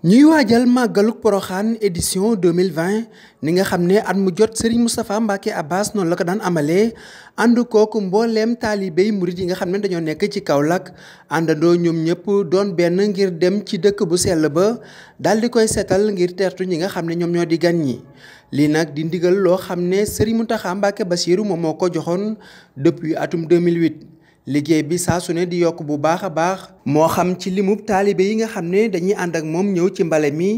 ñuy waajal màggaluk poroxaan édition 2020 ni nga xam ne at mu jot Serigne Moustapha Mbacke Abbas noonu la ko daan amalee ànd kooku mbooleem taalibey murit yi nga xam ne dañoo nekk ci kaw Kaolack àndandoo ñoom ñëpp doon benn ngir dem ci dëkk bu sell ba daal di koy seetal ngir teertu ñi nga xam ne ñoom ñoo di gan ñi lii nag di ndigal loo xam ne Serigne Mountakha Mbacke Bassirou moom moo ko joxoon depuis atum 2008. liggéey bi saa su ne di yokk bu baax a baax moo xam ci limub taalibe yi nga xam ne dañuy ànd ak moom ñëw ci mbale mi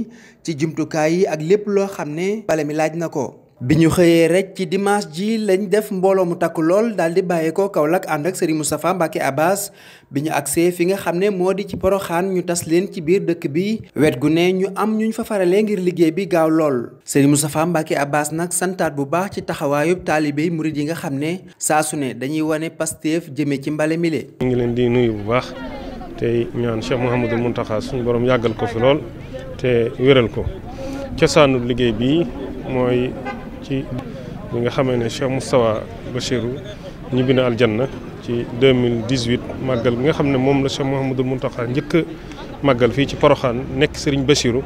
ci jumtukaay yi ak lépp loo xam ne mbale mi laaj na ko bi ñu xëyee rek ci dimanche ji lañ def mbooloo mu takk lool daal di kaw Kaolack ànd ak Serigne Moustapha Mbacké Abbas bi ñu agsee fi nga xam ne moo di ci poroxaan ñu tas leen ci biir dëkk bi wet gu ne ñu am ñu ñu fa faralee ngir liggéey bi gaaw lool Serigne Moustapha Mbacké Abbas nag santaat bu baax ci taxawaayub taalibey murid yi nga xam ne saa su ne dañuy wane Pastef jëmee ci mbale mile. ñu ngi leen di nuyu bu baax tey ñaan Cheikh Mouhamadou Mountakha suñu borom yàggal ko fi lool te wéral ko cosaanu bi ci ñi nga xamee ne Cheikh Moustapha Bachirou ñibbi na aljanna ci 2018 màggal bi nga xam ne moom la Cheikh Mouhamadul Mountakha njëkk màggal fii ci Poroxaan nekk Serigne Bachirou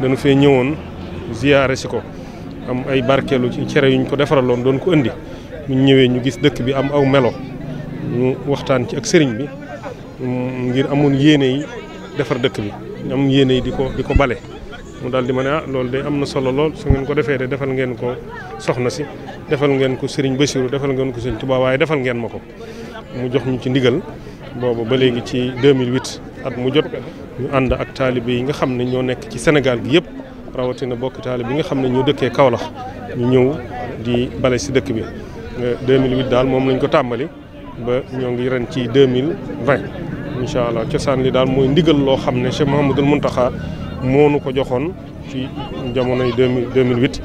dañu fee ñëwoon ziyaare si ko am ay barkeelu ci cere yuñ ko defaraloon doon ko indi ñu ñëwee ñu gis dëkk bi am aw melo ñu waxtaan ci ak sëriñ bi mm, ngir amoon yéene yi defar dëkk bi am yéene yi di ko di ko bale mu daal di ma ne ah loolu de am na solo lool su ngeen ko defee de defal ngeen ko soxna si defal ngeen ko Serigne Bassirou defal ngeen ko Serigne Touba waaye defal ngeen ma ko mu jox ñu ci ndigal booba ba léegi ci 2008 at mu jot ñu ànd ak taalibe yi nga xam ne ñoo nekk ci Sénégal gi yëpp rawatina bokk taalibe yi nga xam ne ñoo dëkkee Kaolack ñu ñëw di bale si dëkk bi 2008 daal moom lañ ko tàmbali ba ñoo ngi ren ci 2020 incha allah cosaan li daal mooy ndigal loo xam ne Cheikh Mouhamadul Mountakha moonu ko joxoon ci jamonoy deux mille deux mille huit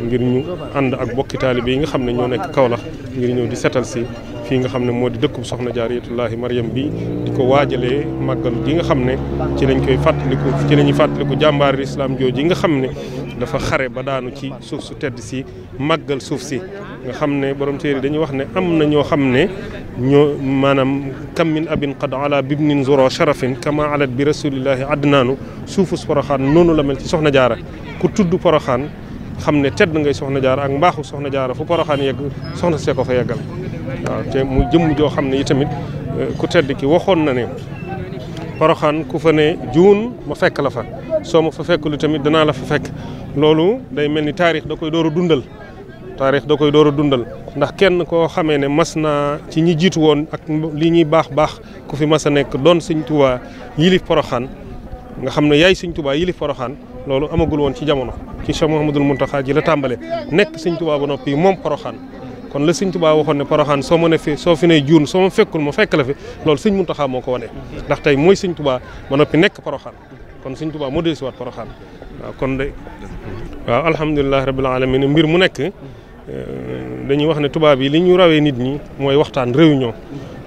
ngir ñu ànd ak bokki taalibe yi nga xam ne ñoo nekk Kaolack ngir ñëw di setal si. fii nga xam ne moo di dëkkub soxna jaariyatullaahi Mariam bi di ko waajalee màggal gi nga xam ne ci lañ koy fàttaliku ci la ñuy fàttaliku jàmbaari islam jooju yi nga xam ne dafa xare ba daanu ci suuf su tedd si màggal suuf si nga xam ne borom téere dañuy wax ne am na ñoo xam ne ñoo maanaam kam min abin qad ala bibnin zoro sharafin kama alat bi rasulillahi adnaanu suufus poroxaan noonu la mel ci soxna jaara ku tudd poroxaan xam ne tedd ngay soxna jaar ak mbaaxu soxna jaara fu poroxaan yegg soxna see ko fa yeggal waaw te mu jëmm joo xam ne yi tamit euh, ku tedd ki waxoon na ne Poroxaan ku fa ne juun ma fekk la fa soo ma fa fekkul tamit danaa la fa fekk loolu day mel ni taarix da koy door a dundal taarix da koy door a dundal ndax kenn koo xamee ne mas naa ci ñi jiitu woon ak lii ñuy baax baax ku fi mas a nekk doon sëñ Tuubaa yilif Poroxaan nga xam ne yaay sëñ yilif Poroxaan loolu amagul woon ci jamono ci Cheikh Mouhamadul Mountakha ji la tàmbale nekk sëñ Tuubaa ba noppi moom Poroxaan kon la sëñ Tuubaa waxoon ne Poroxaan soo ma ne fee soo fi ne juun soo ma fekkul ma fekk la fi loolu sëñ Muntaxaa moo ko wane ndax tey mooy sëñ Tuubaa ma noppi nekk Poroxaan kon sëñ Tuubaa moo dellusiwaat Poroxaan waaw kon de waaw alhamdulilah rabbil alamin mbir mu nekk eh, dañuy wax ne tubaab yi li ñu rawee nit ñi mooy waxtaan réunion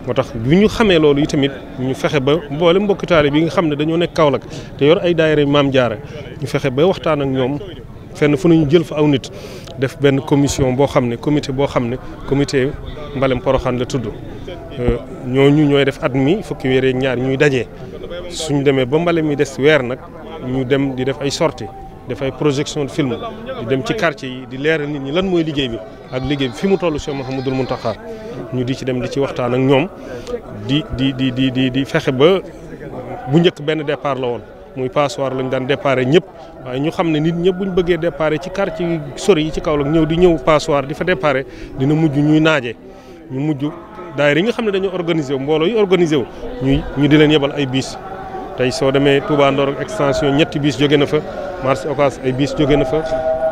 moo tax bi ñu xamee loolu yi tamit ñu fexe ba mboole mbokki taalibe yi nga xam ne dañoo nekk Kaolack te yor ay daayira maam jaara ñu fexe ba waxtaan ak ñoom fenn fu ñu jël fa aw nit def benn commission boo xam ne comité boo xam ne comité mbalem poroxaan la tudd euh, ñoo ñu ñooy def at mi fukki weer ak ñaar ñuy dajee suñu demee ba mbalem mi des weer nag ñu dem di def ay sorties def ay projection de film di dem ci quartier yi di leeral nit ñi lan mooy liggéey bi ak liggéey bi fi mu toll Cheikh Mouhamadul taxaar ñu di ci dem di ci waxtaan ak ñoom di di di di di fexe ba bu njëkk benn depart la woon. muy passoire lañ daan déparé ñëpp waaye ñu xam ne nit ñëpp bu ñu bëggee déparé ci quartier yi sori yi ci kaw Kaolack ñëw di ñëw passoire di fa déparé dina mujj ñuy naaje ñu mujj daayira yi nga xam ne dañoo organisé wu mbooloo organisé wu ñuy ñu di leen yebal ay biis tey soo demee Touba Ndor ak extension ñetti biis jóge na fa marché Ocass ay biis jóge na fa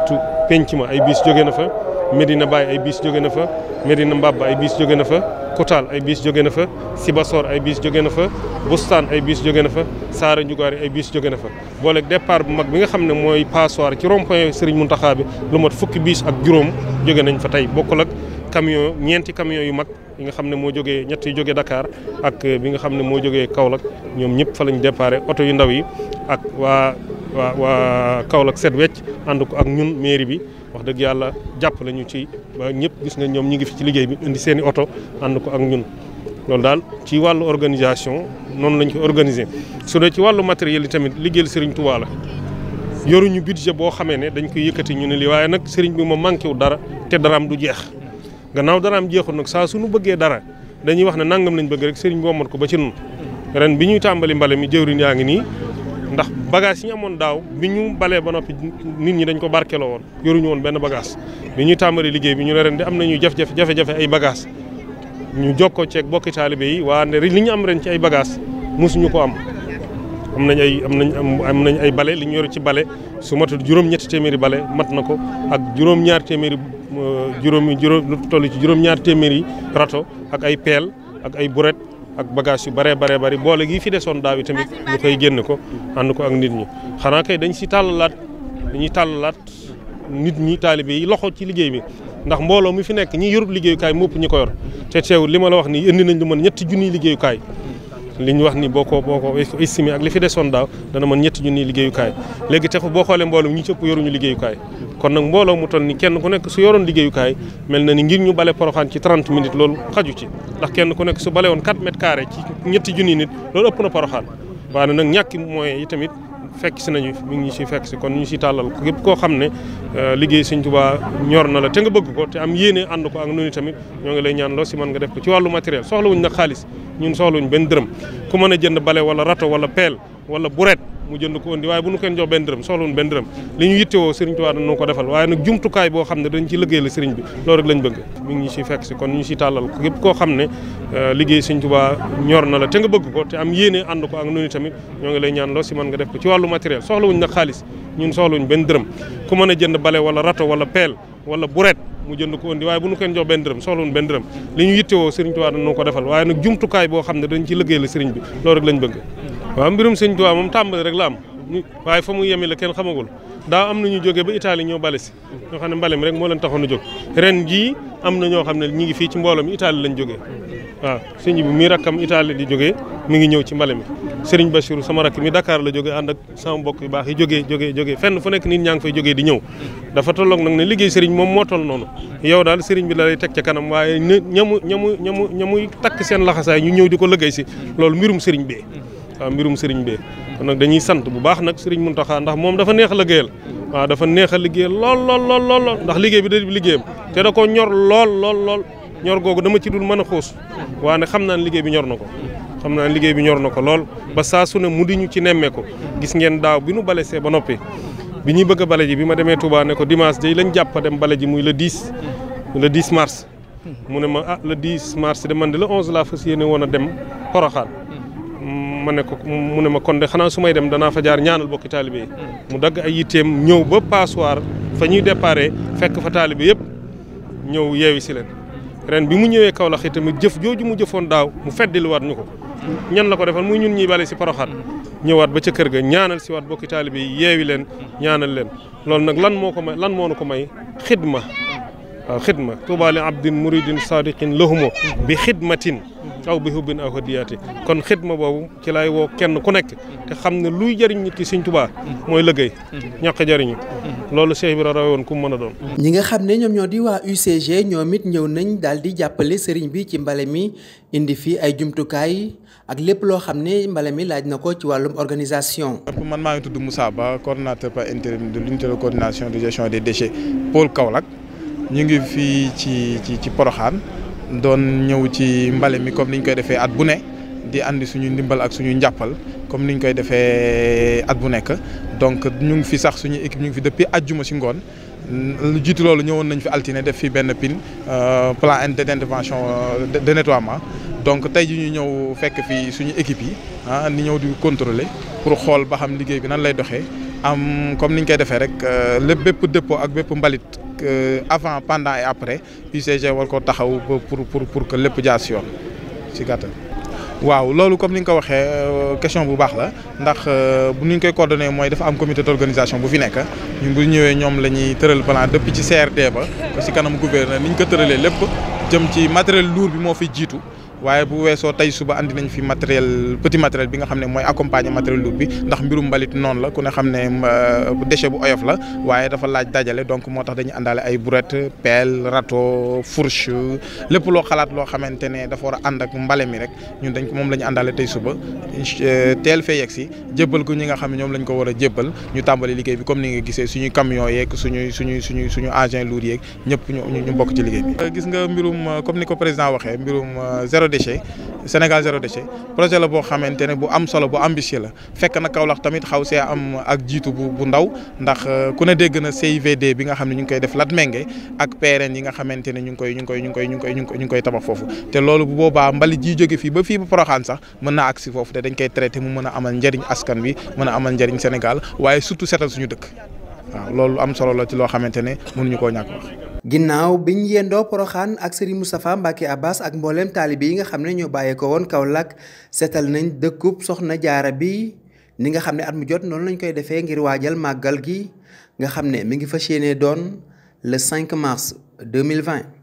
tu penc ma ay biis jóge na fa Medina Baye ay biis jóge na fa Medina Mbaba ay biis jóge na fa Koutal ay biis jóge na fa Sibassor ay biis jóge na fa Boustane ay bus jóge na fa Saara Ndiougaar ay bus jóge na fa booleeg départ bu mag bi nga xam ne mooy passoire ci rond point Serigne Mountakha bi lu mat fukki bus ak juróom jóge nañ fa tey bokk ak camion ñeenti camion yu mag nga xam ne moo jógee ñett yu jógee Dakar euh, bi nga xam ne moo jógee Kaolack ñoom ñëpp fa lañ déparé oto yu ndaw yi ak waa waa waa Kaolack set wecc ànd ko ak ñun mairie bi wax dëgg yàlla jàpp lañu ci ba ñëpp gis nga ñoom ñi ngi fi ci liggéey bi indi seen i oto ànd ko ak ñun loolu daal ci wàllu organisation noonu lañ ko organiser su dee ci wàllu matériel yi tamit liggéeyal Serigne Touba la yoruñu budget boo xamee ne dañ koy yëkkati ñu ne lii waaye nag Serigne bi ma manqué wu dara te daraam du jeex gannaaw daraam jeexul nag saa suñu bëggee dara dañuy wax ne nangam lañ bëgg rek Serigne bi amoon ko ba ci nun ren bi ñuy tàmbali mbale mi jëwriñ yaa ngi nii ndax bagage yi ñu amoon daaw bi ñu balee ba noppi nit ñi dañ ko barkeloo woon yoruñu woon benn bagage bi ñuy tàmbali liggéey bi ñu ne ren di am nañu jafe-jafe jafe-jafe ay ñu jokkoo ceeg bokki taalibe yi waa ne li ñu am ren ci ay bagages mosuñu ko am. am nañ am nañ am nañ ay bale li ñu yor ci bale su matul juróom-ñetti téeméeri bale mat na ko ak juróom-ñaar téeméeri euh, juróomi juróom lu toll ci juróom téeméeri rato ak ay peel ak ay buret ak bagage yu bare bare bari boole gi fi desoon daaw yi tamit ñu koy génn ko ànd ko ak nit ñi xanaa kay dañ si tàllalaat dañuy tàllalaat nit ñi taalibe yi loxo ci liggéey bi ndax mbooloo mi fi nekk ñi yorub liggéeyukaay mopp ñi ko yor te teewul li ma la wax ni indi nañ lu mën ñetti junniy liggéeyukaay li ñu wax ni boo ko boo ko li fi desoon daaw dana mën ñetti junniy liggéeyukaay léegi te boo xoolee mbooloo mi ñu cëpp yoruñu liggéeyukaay kon nag mbooloo mu toll ni kenn ku nekk su yoroon liggéeyukaay mel na ni ngir ñu bale poroxaan ci 30 minutes loolu xaju ci ndax kenn ku nekk su bale woon 4 mètres carrés ci ñetti junniy nit loolu ëpp na poroxaan waaye nag ñàkk mooy yi tamit fekk si nañu mi ñu si fekk si kon ñu si tàllal ko képp koo xam ne euh, liggéey sëñ Tuubaa ñor na la te nga bëgg ko te am yéene ànd ko ak noonu tamit ñoo ngi lay ñaan loo si mën nga def ko ci wàllu matériel soxlawuñ nag xaalis ñun soxlawuñ benn dërëm ku mën a jënd bale wala rato wala peel wala buret mu jënd ko indi waaye bu nu kenn jox benn dërëm soxlawun benn dërëm li ñu yittewoo sëriñ Tuubaa dañu ko defal waaye nag jumtukaay boo xam ne dañ bi loolu rek lañ bëgg si fekk si kon ñu si ne euh, liggéey sëriñ Tuubaa ñor na la nga bëgg ko te am yéene ànd ko ak nuni ñoo ngi lay ñaan loo si mën nga def ko ci wàllu matériel soxlawuñ nag xaalis ñun soxlawuñ benn dërëm ku mën a jënd bale wala rato wala peel wala buret mu jënd ko indi waaye bu kenn jox benn dërëm soxlawun li ñu yittewoo sëriñ Tuubaa dañu ko defal waaye nag jumtukaay boo xam ne dañ ci liggéey la sëriñ bi loolu rek lañ bëgg waaw mbirum sëñ Tuubaa moom tàmbali rek la am waaye fa mu yemi la kenn xamagul daaw am na ñu jógee ba Italie ñoo bale si ñoo xam ne mbalem rek moo leen taxoon a ren jii am na ñoo xam ne ñi ngi fii ci mbooloo mi Italie lañ jógee waaw sëñ bi mii rakkam Italie di jógee mu ngi ñëw ci mbale mi sëriñ Bachirou sama rakk mi dakaar la jógee ànd ak sama mbokk yu baax yi jógee jógee jógee fenn fu nekk nit ñaa ngi fay jógee di ñëw dafa tolloog nag ne liggéey sëriñ moom moo toll noonu yow daal sëriñ bi da lay teg ca kanam waaye ñamu ñamu ñamu ñamuy takk seen laxasaay ñu ñëw di ko liggéey si loolu mbirum sëriñ bi waaw ah, mbirum sëriñ bee kon nag dañuy sant bu baax nag sëriñ Muntaxa ndax moom dafa neex a liggéeyal waaw ah, dafa neex a liggéeyal lool lool lool ndax liggéey bi da liggéeyam te da ko ñor lool lool lool ñor googu dama ci dul man a xuus waa ne xam naa ne liggéey bi ñor na ko xam naa liggéey bi ñor na ko lool ba saa su ne mu di ñu ci nemmee ko gis ngeen daaw bi nu see ba noppi bi ñuy bëgg a bale ji bi ma demee Touba ne ko dimanche day lañ jàpp dem bale ji muy le 10 le mars mu ne ma ah le 10 mars de man de le 11 laa fas yéene woon a dem Poroxaan ma ne ko mu ne ma kon de xanaa su may dem danaa fajaar ñaanal bokki taalibe yi mu dagg ay yitteem ñëw ba passoir fa ñuy déparé fekk fa taalibe yëpp ñëw yeewi si leen ren bi mu ñëwee Kaolack itamit jëf jooju mu jëfoon daaw mu feddiliwaat ñu ko ñan la ko defal muy ñun ñuy bale si Porokhane ñëwaat ba ca kër ga ñaanal si waat bokki taalibe yi yeewi leen ñaanal leen loolu nag lan moo ko may lan moo nu ko may xidma waaw xidma tuuba li abdin muridin sadiqin lahumo bi xidmatin aw bi hubbin aw hadiyaati kon xidma boobu ci lay woo kenn ku nekk te xam ne luy jëriñ nit ki Sëñ Tuubaa mooy liggéey ñàkk jëriñu loolu Cheikh Ibra woon ku mu mën a doon ñi nga xam ne ñoom ñoo di waa UCG ñoom it ñëw nañ daal di jàppale sëriñ bi ci mbale mi indi fii ay jumtukaay ak lépp loo xam ne mbale mi laaj na ko ci wàllum organisation man maa ngi tudd Moussa Ba coordonnateur par intérim de l'unité de coordination de gestion des déchets pool Kaolack ñu ngi fii ci ci ci Porokhane doon ñëw ci mbale mi comme ñu koy defee at bu ne di indi suñu ndimbal ak suñu njàppal comme ni ñu koy defee at bu nekk donc ñu ngi fi sax suñu équipe ñu ngi fi depuis ajjuma si ngoon lu ñëwoon nañ fi altine def fi benn pin euh, plan d'intervention euh, de nettoiement donc tey ji ñu ñëw fekk fi suñu équipe yi ah ni ñëw di contrôler pour xool ba xam liggéey bi nan lay doxee am comme ni ñu koy defee rek euh, lépp bépp dépôt ak bépp mbalit avant pendant et après UCG war ko taxaw pour pour pour que lépp jaar si yoon si gàttal. waaw loolu comme ni nga ko waxee euh, question bu baax la ndax euh, bu ñu koy coordonné mooy dafa am comité d'organisation bu fi nekk ñun bu ñëwee ñoom lañuy ñuy tëral plan depuis ci CRD ba ci kanam gouverneur ni ñu ko tëralee lépp jëm ci matériel lourd bi moo fi jiitu. waaye bu weesoo tey suba andi nañ fi matériel petit matériel bi nga xam ne mooy accompagner matériel lourd bi ndax mbirum mbalit noon la ku ne xam ne euh, déchet bu oyof la waaye dafa laaj dajale donc moo tax dañu àndaale ay brouette pelle râteau fourche lépp loo xalaat loo xamante ne dafa war a ànd ak mbale mi rek ñun dañ ko moom la ñu àndaale tey suba euh, teel fee yegg si jébbal ko ñu nga xam ne ñoom lañ ko war a jébbal ñu tàmbali liggéey bi comme ni nga gisee suñuy camion yeeg suñuy suñuy suñuy suñu agent lourd yeeg ñëpp ñu ñu bokk ci liggéey bi. Euh, gis nga mbirum comme ni ko président waxee mbirum zéro déchet Sénégal zéro déchet projet la boo xamante ne bu am solo bu ambitieux la fekk na kaw lax tamit xaw see am ak jiitu bu bu ndaw ndax euh, ku ne dégg na CIVD bi nga xam ne ñu ngi koy def Latmingué ak PRN yi nga xamante ne ñu ngi koy ñu ngi koy ñu ngi koy ñu ngi koy ñu ngi koy tabax foofu te loolu bu boobaa mbalit ji jóge fii ba fii ba Porokhane sax mën naa agsi foofu te dañ koy traité mu mën a amal njëriñ askan wi mën a amal njëriñ Sénégal waaye surtout setal suñu dëkk waaw loolu am solo la ci loo xamante ne mënuñu koo ñàkk wax ginnaaw bi biñ yendoo poroxaan ak sëriñ Moustapha Mbacke Abbas ak mbooleem taalibe yi nga xam ne ñoo bàyyee ko woon Kaolack seetal nañ dëkkub soxna jaara bi ni nga xam ne at mu jot noonu lañ koy defee ngir waajal màggal gi nga xam ne mi ngi fas yéene doon le 5 mars 2020